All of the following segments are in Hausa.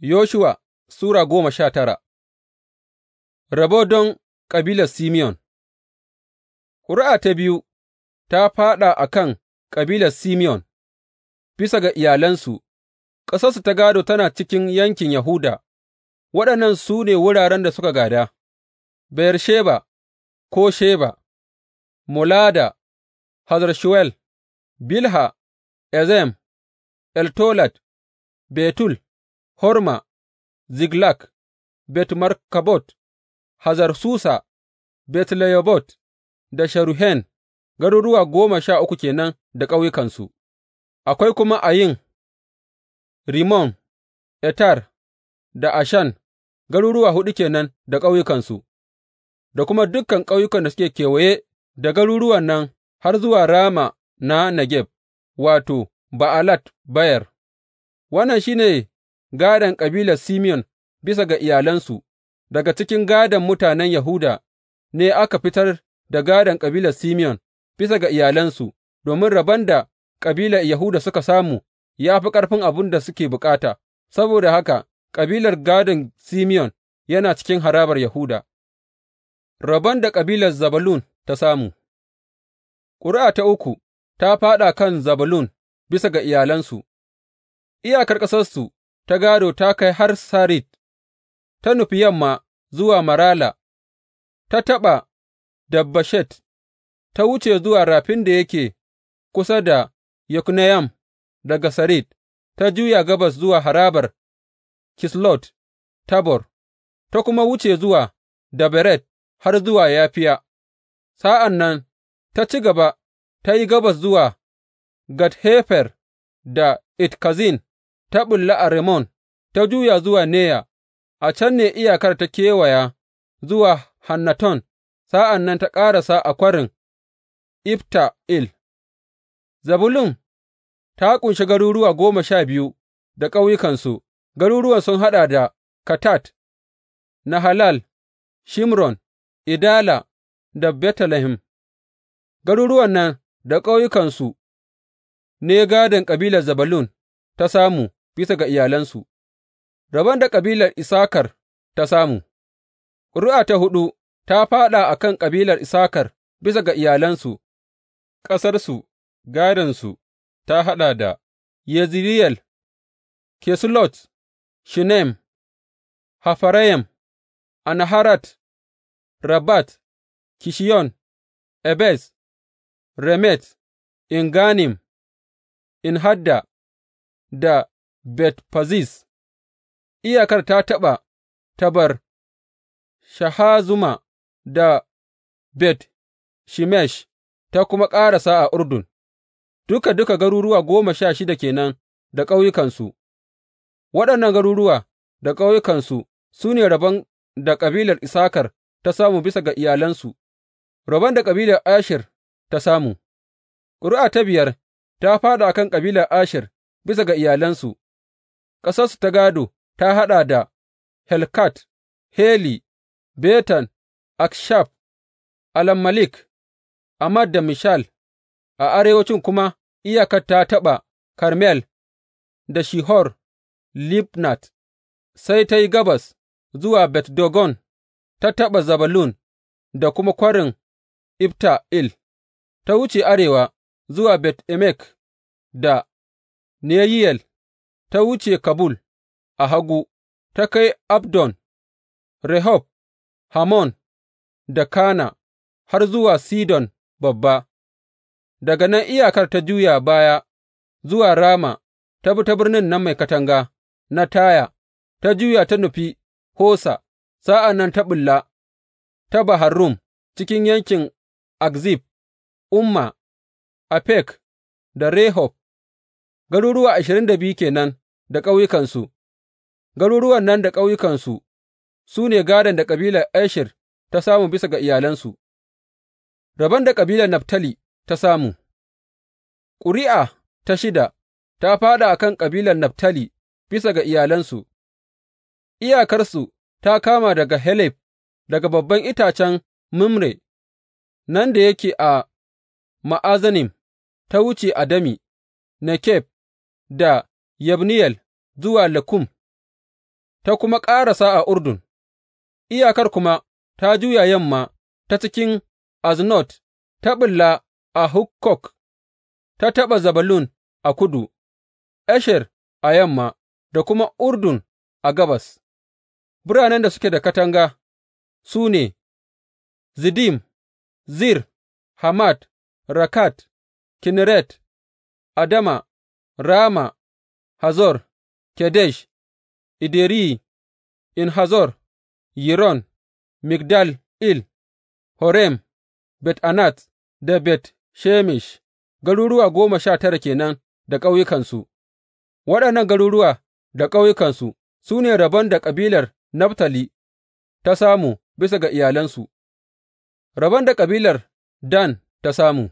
Yoshua Sura goma sha tara Rabo don kabilar Simeon. Ƙuri'a ta biyu ta fāɗa a kan kabilar Simeon. bisa ga iyalansu, ƙasarsu ta gado tana cikin yankin Yahuda, waɗannan su ne wuraren da suka gada? Bayar-Sheba ko Sheba, Molada, Hazar Bilha, Ezem, eltolat Betul. Horma, Ziklag, Bet Markabot, Hazar Susa, Bet Leyobot da Sharuhen, garuruwa goma sha uku ke nan da ƙauyukansu, akwai kuma Ayin, Rimon, Etar da Ashan, garuruwa huɗu ke nan da ƙauyukansu, da kuma dukan ƙauyukan da suke kewaye da garuruwan nan har zuwa Rama na Negeb, wato, Ba'alat Bayar. Wannan shi ne gādon kabilar Simeyon bisa ga iyalansu, daga cikin gādon mutanen Yahuda ne aka fitar da gādon kabilar Simeyon bisa ga iyalansu, domin rabon da kabilar Yahuda suka samu ya fi ƙarfin abin da suke bukata, saboda haka kabilar gādon Simeyon yana cikin harabar Yahuda. Rabon da kabilar Zabalun ta samu Ƙuri'a ta uku ta fāɗa kan Zabalun bisa ga iyalansu, iyakar ƙasarsu ta gādo ta kai har Sarid, ta nufi yamma zuwa Marala, ta taɓa Dabbashet, ta wuce zuwa rafin da yake kusa da Yokneyam daga Sarid, ta juya gabas zuwa harabar Kislot Tabor, ta kuma wuce zuwa da beret har zuwa Yafiya, sa'an nan ta ci gaba ta yi gabas zuwa Gat da itkazin. ta ɓulla a Rimmon ta juya zuwa Neya, a can ne iyakar ta kewaya zuwa Hannaton, sa'an nan ta ƙarasa a kwarin Ifta'il. Zabulun ta ƙunshi garuruwa goma sha biyu da ƙauyukansu, garuruwan sun haɗa da Katat, Nahalal, Shimron, Idala da Betlehem. Garuruwan nan da ƙauyukansu ne gadon ƙabilar Zabulun ta samu. bisa ga iyalansu, rabon da kabilar Isakar ta samu. Ƙuri'a ta huɗu ta fāɗa a kan kabilar Isakar bisa ga iyalansu, ƙasarsu, gādonsu ta haɗa da yezriel Kesulot, Shinem, Hafarayim, Anaharat, Rabat, Kishiyon, ebes Remet, Inganim, Inhadda da Bet Faziz, iyakar ta taɓa Tabar, Shahazuma da Bet shimesh ta kuma ƙarasa a Urdun, duka duka garuruwa goma sha shida kenan da ƙauyukansu, waɗannan garuruwa da ƙauyukansu su ne rabon da kabilar isakar ta samu bisa ga iyalansu, rabon da kabilar Asher ta samu. Ƙuri'a ta biyar ta fāɗa a kan kabilar Asher bisa ga iyalansu. Ƙasarsu ta gādo ta haɗa da Helkat, Heli, Betan, Akshaf, Malik, Amad da Mishal, a arewacin kuma iyakar ta taɓa Karmel da Shihor Libnat, sai ta yi gabas zuwa Bet Dogon, ta taɓa Zabalun da kuma kwarin Il, ta wuce arewa zuwa Bet Emek da Neyiyel. ta wuce Kabul a hagu, ta kai Abdon, Rehob, Hamon da Kana har zuwa Sidon Babba, daga nan iyakar ta juya baya zuwa Rama, ta bi ta birnin nan mai katanga na Taya, ta juya ta nufi Hosa, sa'an nan ta ɓulla ta baharrum cikin yankin Akzib, Umma, Afek da Rehob, garuruwa ashirin da biyu kenan. da ƙauyukansu, garuruwan nan da ƙauyukansu su ne gādon da kabilar Asher ta samu bisa ga iyalansu, rabon da kabilar Naftali ta samu. Ƙuri'a ta shida ta fāɗa a kan kabilar Naftali bisa ga iyalansu, iyakarsu ta kama daga Helef, daga babban itacen Mimre, nan da yake a Ma'azanim, ta wuce Adami, Nekeb da Yabneyel zuwa Lakkum, ta kuma ƙarasa a Urdun, iyakar kuma ta juya yamma ta cikin Aznot, ta ɓulla a Hukkok, ta taɓa Zabalun a kudu, Esher a yamma, da kuma Urdun a gabas. Biranen da suke da katanga su ne Zidim, Zir, Hamad, Rakat, Kinneret, Adama, Rama, Hazor, Kedesh, Ideri, En Hazor, Yiron, Migdal Il, Horem, Bet Anat da Bet Shemesh, garuruwa goma sha tara kenan da ƙauyukansu, waɗannan garuruwa da ƙauyukansu su ne rabon da ƙabilar Naftali ta samu bisa ga iyalansu, rabon da ƙabilar Dan ta samu.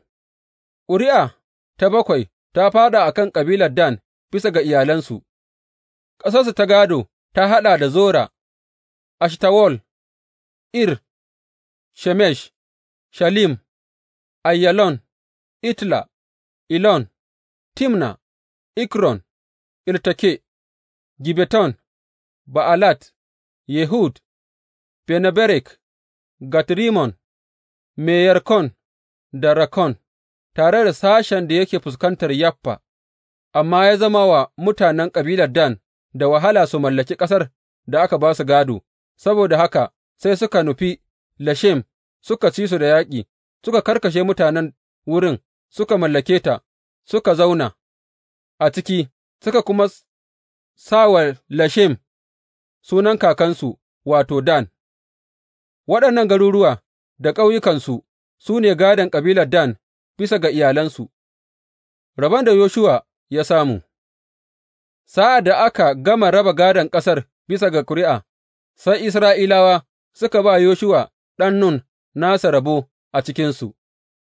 Ƙuri'a ta bakwai ta fāɗa a kan ƙabilar Dan. bisa ga iyalansu. Ƙasarsu ta gādo ta haɗa da Zora, Ashtawol, Ir, Shemesh, Shalim, Ayalon. Itla, Ilon, Timna, Ikron, Irtake. Gibeton, Ba'alat, Yehud, Benaberek, Gatrimon, Meyarkon da Rakon, tare da sashen da yake fuskantar Yaffa. amma ya zama wa mutanen kabilar Dan da wahala su mallaki ƙasar da aka ba su gādo, saboda haka sai suka nufi Leshem suka ci su da yaƙi, suka karkashe mutanen wurin, suka mallake ta, suka zauna a ciki, suka kuma sa wa Leshem sunan kakansu, wato, Dan. Waɗannan garuruwa da ƙauyukansu su ne gādon kabilar Dan bisa ga iyalansu. Rabon da Yoshuwa ya samu Sa'ad da aka gama raba gādon ƙasar bisa ga ƙuri'a, sai Isra'ilawa suka ba Yoshuwa ɗan Nun nasa rabo a cikinsu,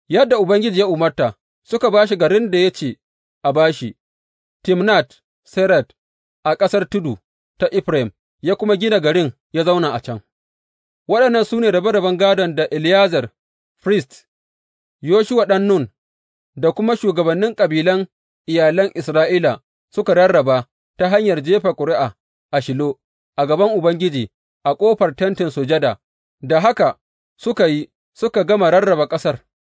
yadda Ubangiji ya umarta, suka ba shi garin da ya ce a ba shi, Timnat Seret a ƙasar tudu ta Efraim, ya kuma gina garin ya zauna a can. Waɗannan su ne rabe-raben gādon da Eleyazar, frist, Yoshuwa ɗan Nun, da kuma shugabannin kabilan iyalan Isra'ila suka rarraba ta hanyar jefa ƙuri'a a Shilo a gaban Ubangiji a ƙofar Tentin Sujada, da haka suka yi suka gama rarraba ƙasar.